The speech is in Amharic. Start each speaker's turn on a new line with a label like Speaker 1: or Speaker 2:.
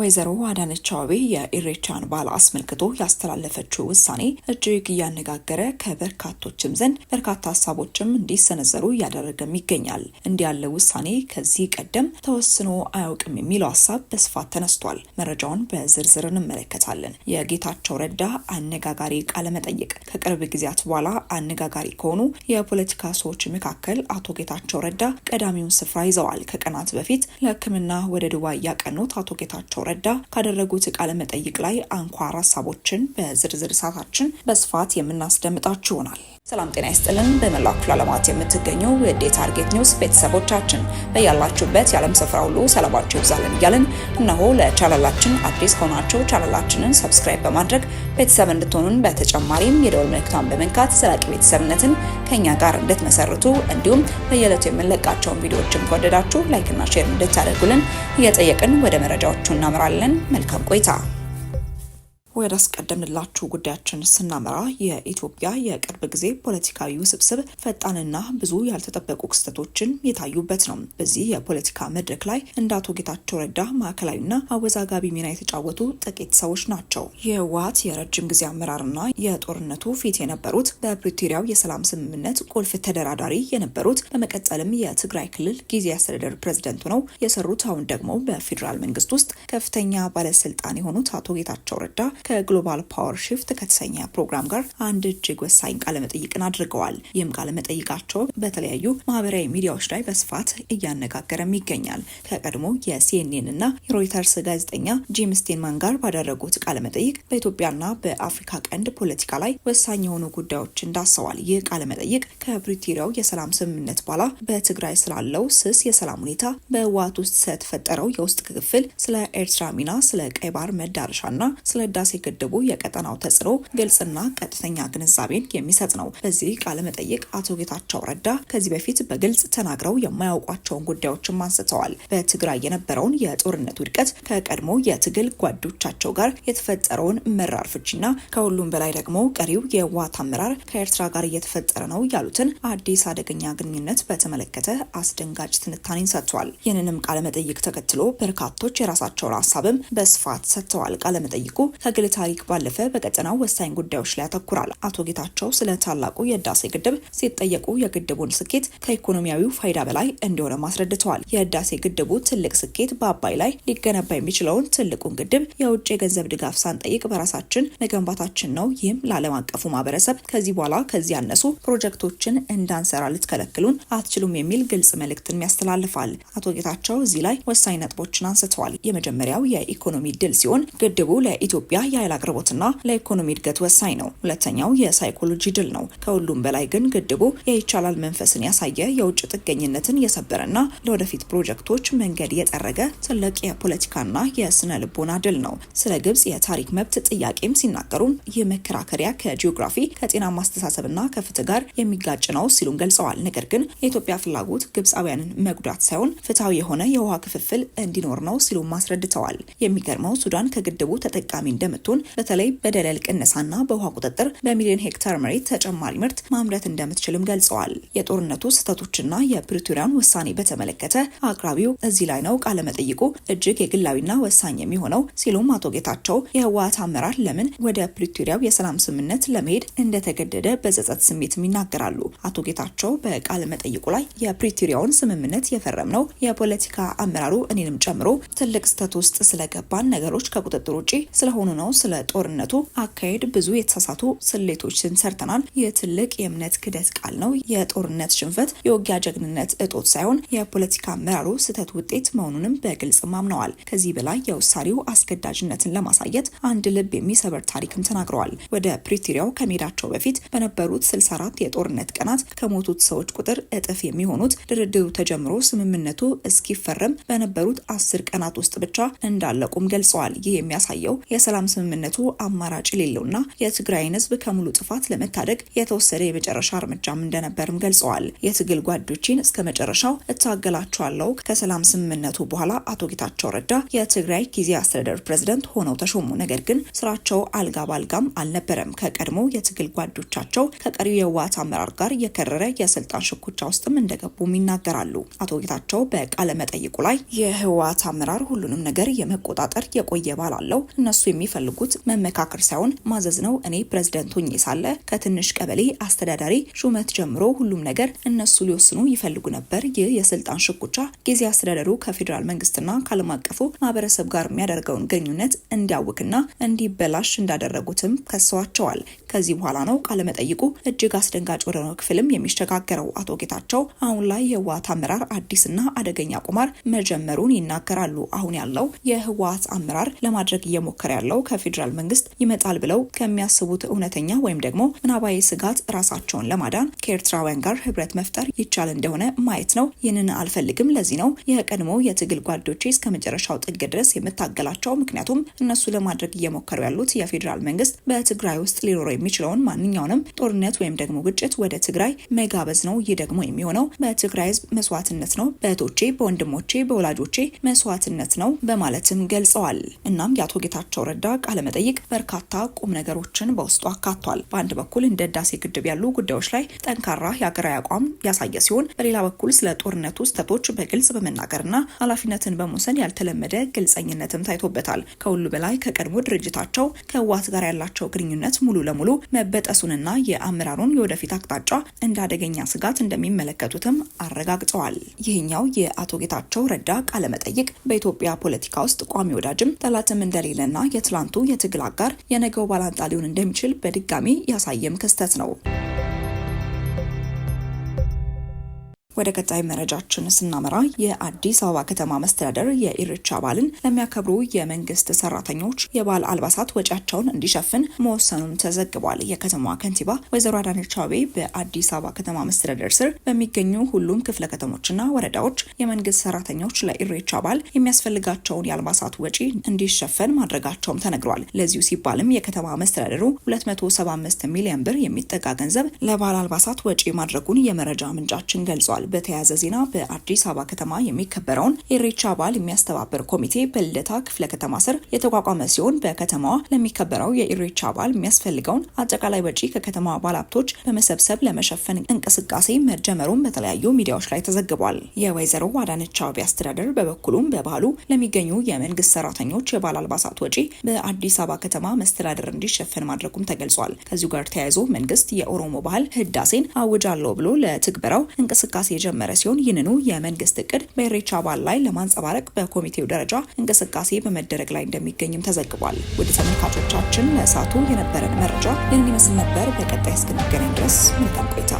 Speaker 1: ወይዘሮ አዳነች አቤቤ የኢሬቻን በዓል አስመልክቶ ያስተላለፈችው ውሳኔ እጅግ እያነጋገረ ከበርካቶችም ዘንድ በርካታ ሀሳቦችም እንዲሰነዘሩ እያደረገም ይገኛል። እንዲህ ያለ ውሳኔ ከዚህ ቀደም ተወስኖ አያውቅም የሚለው ሀሳብ በስፋት ተነስቷል። መረጃውን በዝርዝር እንመለከታለን። የጌታቸው ረዳ አነጋጋሪ ቃለመጠይቅ ከቅርብ ጊዜያት በኋላ አነጋጋሪ ከሆኑ የፖለቲካ ሰዎች መካከል አቶ ጌታቸው ረዳ ቀዳሚውን ስፍራ ይዘዋል። ከቀናት በፊት ለሕክምና ወደ ዱባይ እያቀኑት አቶ ጌታቸው ረዳ ካደረጉት ቃለ መጠይቅ ላይ አንኳር ሀሳቦችን በዝርዝር ሰዓታችን በስፋት የምናስደምጣችሁ ይሆናል።
Speaker 2: ሰላም ጤና ይስጥልን። በመላው ክፍለ ዓለማት የምትገኙ የዴ ታርጌት ኒውስ ቤተሰቦቻችን በያላችሁበት የዓለም ስፍራ ሁሉ ሰላማችሁ ይብዛልን እያልን እነሆ ለቻናላችን አዲስ ከሆናችሁ ቻናላችንን ሰብስክራይብ በማድረግ ቤተሰብ እንድትሆኑን፣ በተጨማሪም የደወል ምልክቷን በመንካት ዘላቂ ቤተሰብነትን ከእኛ ጋር እንድትመሰርቱ እንዲሁም በየዕለቱ የምንለቃቸውን ቪዲዮዎችን ከወደዳችሁ ላይክና ሼር እንድታደርጉልን እየጠየቅን ወደ መረጃዎቹ እናምራለን። መልካም ቆይታ ወደ አስቀደምንላችሁ ጉዳያችን ስናመራ የኢትዮጵያ የቅርብ ጊዜ ፖለቲካዊ ውስብስብ ፈጣንና ብዙ ያልተጠበቁ ክስተቶችን የታዩበት ነው። በዚህ የፖለቲካ መድረክ ላይ እንደ አቶ ጌታቸው ረዳ ማዕከላዊና አወዛጋቢ ሚና የተጫወቱ ጥቂት ሰዎች ናቸው። የህወሓት የረጅም ጊዜ አመራርና የጦርነቱ ፊት የነበሩት በፕሪቶሪያው የሰላም ስምምነት ቁልፍ ተደራዳሪ የነበሩት በመቀጠልም የትግራይ ክልል ጊዜ አስተዳደር ፕሬዝደንት ሆነው የሰሩት አሁን ደግሞ በፌዴራል መንግስት ውስጥ ከፍተኛ ባለስልጣን የሆኑት አቶ ጌታቸው ረዳ ከግሎባል ፓወር ሺፍት ከተሰኘ ፕሮግራም ጋር አንድ እጅግ ወሳኝ ቃለመጠይቅን አድርገዋል። ይህም ቃለመጠይቃቸው በተለያዩ ማህበራዊ ሚዲያዎች ላይ በስፋት እያነጋገረም ይገኛል። ከቀድሞ የሲኤንኤን እና የሮይተርስ ጋዜጠኛ ጂም ስቴንማን ጋር ባደረጉት ቃለመጠይቅ በኢትዮጵያና በአፍሪካ ቀንድ ፖለቲካ ላይ ወሳኝ የሆኑ ጉዳዮችን ዳሰዋል። ይህ ቃለመጠይቅ ከፕሪቶሪያው የሰላም ስምምነት በኋላ በትግራይ ስላለው ስስ የሰላም ሁኔታ፣ በህወሓት ውስጥ ስለተፈጠረው የውስጥ ክፍል፣ ስለ ኤርትራ ሚና፣ ስለ ቀይ ባህር መዳረሻና ስለ የህዳሴ ግድቡ የቀጠናው ተጽዕኖ ግልጽና ቀጥተኛ ግንዛቤን የሚሰጥ ነው። በዚህ ቃለ መጠይቅ አቶ ጌታቸው ረዳ ከዚህ በፊት በግልጽ ተናግረው የማያውቋቸውን ጉዳዮችም አንስተዋል። በትግራይ የነበረውን የጦርነት ውድቀት ከቀድሞ የትግል ጓዶቻቸው ጋር የተፈጠረውን መራር ፍቺና ከሁሉም በላይ ደግሞ ቀሪው የህወሓት አመራር ከኤርትራ ጋር እየተፈጠረ ነው ያሉትን አዲስ አደገኛ ግንኙነት በተመለከተ አስደንጋጭ ትንታኔን ሰጥቷል። ይህንንም ቃለመጠይቅ ተከትሎ በርካቶች የራሳቸውን ሀሳብም በስፋት ሰጥተዋል። ቃለመጠይቁ ከግ የግል ታሪክ ባለፈ በቀጠናው ወሳኝ ጉዳዮች ላይ ያተኩራል። አቶ ጌታቸው ስለ ታላቁ የህዳሴ ግድብ ሲጠየቁ የግድቡን ስኬት ከኢኮኖሚያዊው ፋይዳ በላይ እንደሆነ አስረድተዋል። የህዳሴ ግድቡ ትልቅ ስኬት በአባይ ላይ ሊገነባ የሚችለውን ትልቁን ግድብ የውጭ የገንዘብ ድጋፍ ሳንጠይቅ በራሳችን መገንባታችን ነው። ይህም ለዓለም አቀፉ ማህበረሰብ ከዚህ በኋላ ከዚህ ያነሱ ፕሮጀክቶችን እንዳንሰራ ልትከለክሉን አትችሉም የሚል ግልጽ መልእክትን ያስተላልፋል። አቶ ጌታቸው እዚህ ላይ ወሳኝ ነጥቦችን አንስተዋል። የመጀመሪያው የኢኮኖሚ ድል ሲሆን ግድቡ ለኢትዮጵያ የኃይል አቅርቦትና ለኢኮኖሚ እድገት ወሳኝ ነው። ሁለተኛው የሳይኮሎጂ ድል ነው። ከሁሉም በላይ ግን ግድቡ የይቻላል መንፈስን ያሳየ፣ የውጭ ጥገኝነትን የሰበረና ለወደፊት ፕሮጀክቶች መንገድ የጠረገ ትልቅ የፖለቲካና የስነ ልቦና ድል ነው። ስለ ግብጽ የታሪክ መብት ጥያቄም ሲናገሩ ይህ መከራከሪያ ከጂኦግራፊ ማስተሳሰብ አስተሳሰብና ከፍትህ ጋር የሚጋጭ ነው ሲሉን ገልጸዋል። ነገር ግን የኢትዮጵያ ፍላጎት ግብፃውያንን መጉዳት ሳይሆን ፍትሐዊ የሆነ የውሃ ክፍፍል እንዲኖር ነው ሲሉም አስረድተዋል። የሚገርመው ሱዳን ከግድቡ ተጠቃሚ እንደምት እንደምትሆን በተለይ በደለል ቅነሳና በውሃ ቁጥጥር በሚሊዮን ሄክታር መሬት ተጨማሪ ምርት ማምረት እንደምትችልም ገልጸዋል። የጦርነቱ ስህተቶችና የፕሪቶሪያን ውሳኔ በተመለከተ አቅራቢው እዚህ ላይ ነው ቃለመጠይቁ እጅግ የግላዊና ወሳኝ የሚሆነው ሲሉም አቶ ጌታቸው የህወሓት አመራር ለምን ወደ ፕሪቶሪያው የሰላም ስምምነት ለመሄድ እንደተገደደ በጸጸት ስሜትም ይናገራሉ። አቶ ጌታቸው በቃለ መጠይቁ ላይ የፕሪቶሪያውን ስምምነት የፈረም ነው የፖለቲካ አመራሩ እኔንም ጨምሮ ትልቅ ስህተት ውስጥ ስለገባን ነገሮች ከቁጥጥር ውጪ ስለሆኑ ነው እስካሁን ስለ ጦርነቱ አካሄድ ብዙ የተሳሳቱ ስሌቶችን ሰርተናል። ትልቅ የእምነት ክደት ቃል ነው። የጦርነት ሽንፈት የውጊያ ጀግንነት እጦት ሳይሆን የፖለቲካ አመራሩ ስህተት ውጤት መሆኑንም በግልጽ አምነዋል። ከዚህ በላይ የውሳኔው አስገዳጅነትን ለማሳየት አንድ ልብ የሚሰበር ታሪክም ተናግረዋል። ወደ ፕሪቶሪያው ከመሄዳቸው በፊት በነበሩት 64 የጦርነት ቀናት ከሞቱት ሰዎች ቁጥር እጥፍ የሚሆኑት ድርድሩ ተጀምሮ ስምምነቱ እስኪፈረም በነበሩት አስር ቀናት ውስጥ ብቻ እንዳለቁም ገልጸዋል። ይህ የሚያሳየው የሰላም ስምምነቱ አማራጭ የሌለውና የትግራይን ህዝብ ከሙሉ ጥፋት ለመታደግ የተወሰደ የመጨረሻ እርምጃም እንደነበርም ገልጸዋል። የትግል ጓዶችን እስከ መጨረሻው እታገላቸዋለሁ። ከሰላም ስምምነቱ በኋላ አቶ ጌታቸው ረዳ የትግራይ ጊዜ አስተዳደር ፕሬዝደንት ሆነው ተሾሙ። ነገር ግን ስራቸው አልጋ ባልጋም አልነበረም። ከቀድሞ የትግል ጓዶቻቸው ከቀሪው የህወሓት አመራር ጋር የከረረ የስልጣን ሽኩቻ ውስጥም እንደገቡም ይናገራሉ። አቶ ጌታቸው በቃለ መጠይቁ ላይ የህወሓት አመራር ሁሉንም ነገር የመቆጣጠር የቆየ ባል አለው እነሱ የሚፈልጉ የሚፈልጉት መመካከር ሳይሆን ማዘዝ ነው። እኔ ፕሬዝደንት ሆኜ ሳለ ከትንሽ ቀበሌ አስተዳዳሪ ሹመት ጀምሮ ሁሉም ነገር እነሱ ሊወስኑ ይፈልጉ ነበር። ይህ የስልጣን ሽኩቻ ጊዜ አስተዳደሩ ከፌዴራል መንግስትና ከዓለም አቀፉ ማህበረሰብ ጋር የሚያደርገውን ግንኙነት እንዲያውክና እንዲበላሽ እንዳደረጉትም ከሰዋቸዋል። ከዚህ በኋላ ነው ቃለመጠይቁ እጅግ አስደንጋጭ ወደነው ክፍልም የሚሸጋገረው። አቶ ጌታቸው አሁን ላይ የህወሀት አመራር አዲስና አደገኛ ቁማር መጀመሩን ይናገራሉ። አሁን ያለው የህወሀት አመራር ለማድረግ እየሞከረ ያለው ከፌዴራል መንግስት ይመጣል ብለው ከሚያስቡት እውነተኛ ወይም ደግሞ ምናባዊ ስጋት ራሳቸውን ለማዳን ከኤርትራውያን ጋር ህብረት መፍጠር ይቻል እንደሆነ ማየት ነው። ይህንን አልፈልግም። ለዚህ ነው የቀድሞ የትግል ጓዶቼ እስከ መጨረሻው ጥግ ድረስ የምታገላቸው። ምክንያቱም እነሱ ለማድረግ እየሞከሩ ያሉት የፌዴራል መንግስት በትግራይ ውስጥ ሊኖረው የሚችለውን ማንኛውንም ጦርነት ወይም ደግሞ ግጭት ወደ ትግራይ መጋበዝ ነው። ይህ ደግሞ የሚሆነው በትግራይ ህዝብ መስዋዕትነት ነው፣ በእህቶቼ፣ በወንድሞቼ፣ በወላጆቼ መስዋዕትነት ነው በማለትም ገልጸዋል። እናም የአቶ ጌታቸው ረዳ ቃለመጠይቅ በርካታ ቁም ነገሮችን በውስጡ አካቷል። በአንድ በኩል እንደ ህዳሴ ግድብ ያሉ ጉዳዮች ላይ ጠንካራ የሀገራዊ አቋም ያሳየ ሲሆን፣ በሌላ በኩል ስለ ጦርነቱ ስህተቶች በግልጽ በመናገርና ኃላፊነትን በመውሰድ ያልተለመደ ግልጸኝነትም ታይቶበታል። ከሁሉ በላይ ከቀድሞ ድርጅታቸው ከህወሓት ጋር ያላቸው ግንኙነት ሙሉ ለሙሉ መበጠሱንና የአመራሩን የወደፊት አቅጣጫ እንደ አደገኛ ስጋት እንደሚመለከቱትም አረጋግጠዋል። ይህኛው የአቶ ጌታቸው ረዳ ቃለመጠይቅ በኢትዮጵያ ፖለቲካ ውስጥ ቋሚ ወዳጅም ጠላትም እንደሌለና የትላንት የትናንቱ የትግል አጋር የነገው ባላንጣ ሊሆን እንደሚችል በድጋሚ ያሳየም ክስተት ነው። ወደ ቀጣይ መረጃችን ስናመራ የአዲስ አበባ ከተማ መስተዳደር የኢሬቻ በዓልን ለሚያከብሩ የመንግስት ሰራተኞች የበዓል አልባሳት ወጪያቸውን እንዲሸፍን መወሰኑን ተዘግቧል። የከተማዋ ከንቲባ ወይዘሮ አዳነች አቤቤ በአዲስ አበባ ከተማ መስተዳደር ስር በሚገኙ ሁሉም ክፍለ ከተሞችና ወረዳዎች የመንግስት ሰራተኞች ለኢሬቻ በዓል የሚያስፈልጋቸውን የአልባሳት ወጪ እንዲሸፈን ማድረጋቸውም ተነግሯል። ለዚሁ ሲባልም የከተማ መስተዳደሩ 275 ሚሊዮን ብር የሚጠጋ ገንዘብ ለበዓል አልባሳት ወጪ ማድረጉን የመረጃ ምንጫችን ገልጿል። በተያያዘ ዜና በአዲስ አበባ ከተማ የሚከበረውን የኢሬቻ በዓል የሚያስተባብር ኮሚቴ በልደታ ክፍለ ከተማ ስር የተቋቋመ ሲሆን በከተማዋ ለሚከበረው የኢሬቻ በዓል የሚያስፈልገውን አጠቃላይ ወጪ ከከተማ ባለሀብቶች በመሰብሰብ ለመሸፈን እንቅስቃሴ መጀመሩን በተለያዩ ሚዲያዎች ላይ ተዘግቧል። የወይዘሮ አዳነች አቤቤ አስተዳደር በበኩሉም በባህሉ ለሚገኙ የመንግስት ሰራተኞች የባል አልባሳት ወጪ በአዲስ አበባ ከተማ መስተዳደር እንዲሸፈን ማድረጉም ተገልጿል። ከዚሁ ጋር ተያይዞ መንግስት የኦሮሞ ባህል ህዳሴን አውጃለሁ ብሎ ለትግበራው እንቅስቃሴ የጀመረ ሲሆን ይህንኑ የመንግስት እቅድ በኢሬቻ በዓል ላይ ለማንጸባረቅ በኮሚቴው ደረጃ እንቅስቃሴ በመደረግ ላይ እንደሚገኝም ተዘግቧል። ወደ ተመልካቾቻችን ለእሳቱ የነበረን መረጃ ይህንን ይመስል ነበር። በቀጣይ እስክንገናኝ ድረስ መልካም ቆይታ